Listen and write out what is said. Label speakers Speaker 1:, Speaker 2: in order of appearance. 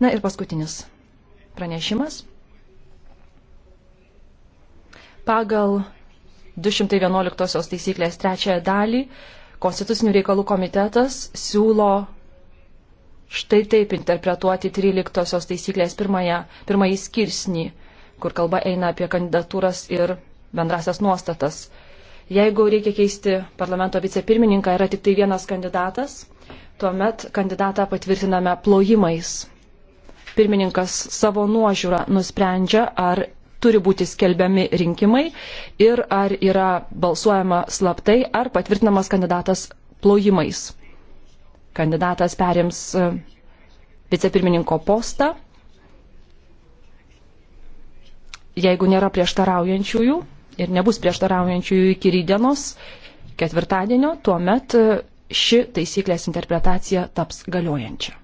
Speaker 1: Na ir paskutinis
Speaker 2: pranešimas. Pagal 211 taisyklės trečiąją dalį Konstitucinių reikalų komitetas siūlo štai taip interpretuoti 13 taisyklės pirmąją, pirmąjį skirsnį, kur kalba eina apie kandidatūras ir bendrasias nuostatas. Jeigu reikia keisti parlamento vicepirmininką, yra tik tai vienas kandidatas, tuomet kandidatą patvirtiname plojimais pirmininkas savo nuožiūrą nusprendžia, ar turi būti skelbiami rinkimai ir ar yra balsuojama slaptai, ar patvirtinamas kandidatas plojimais. Kandidatas perims e, vicepirmininko postą. Jeigu nėra prieštaraujančiųjų ir nebus prieštaraujančiųjų iki rydienos, ketvirtadienio, tuomet e, ši taisyklės interpretacija taps galiojančia.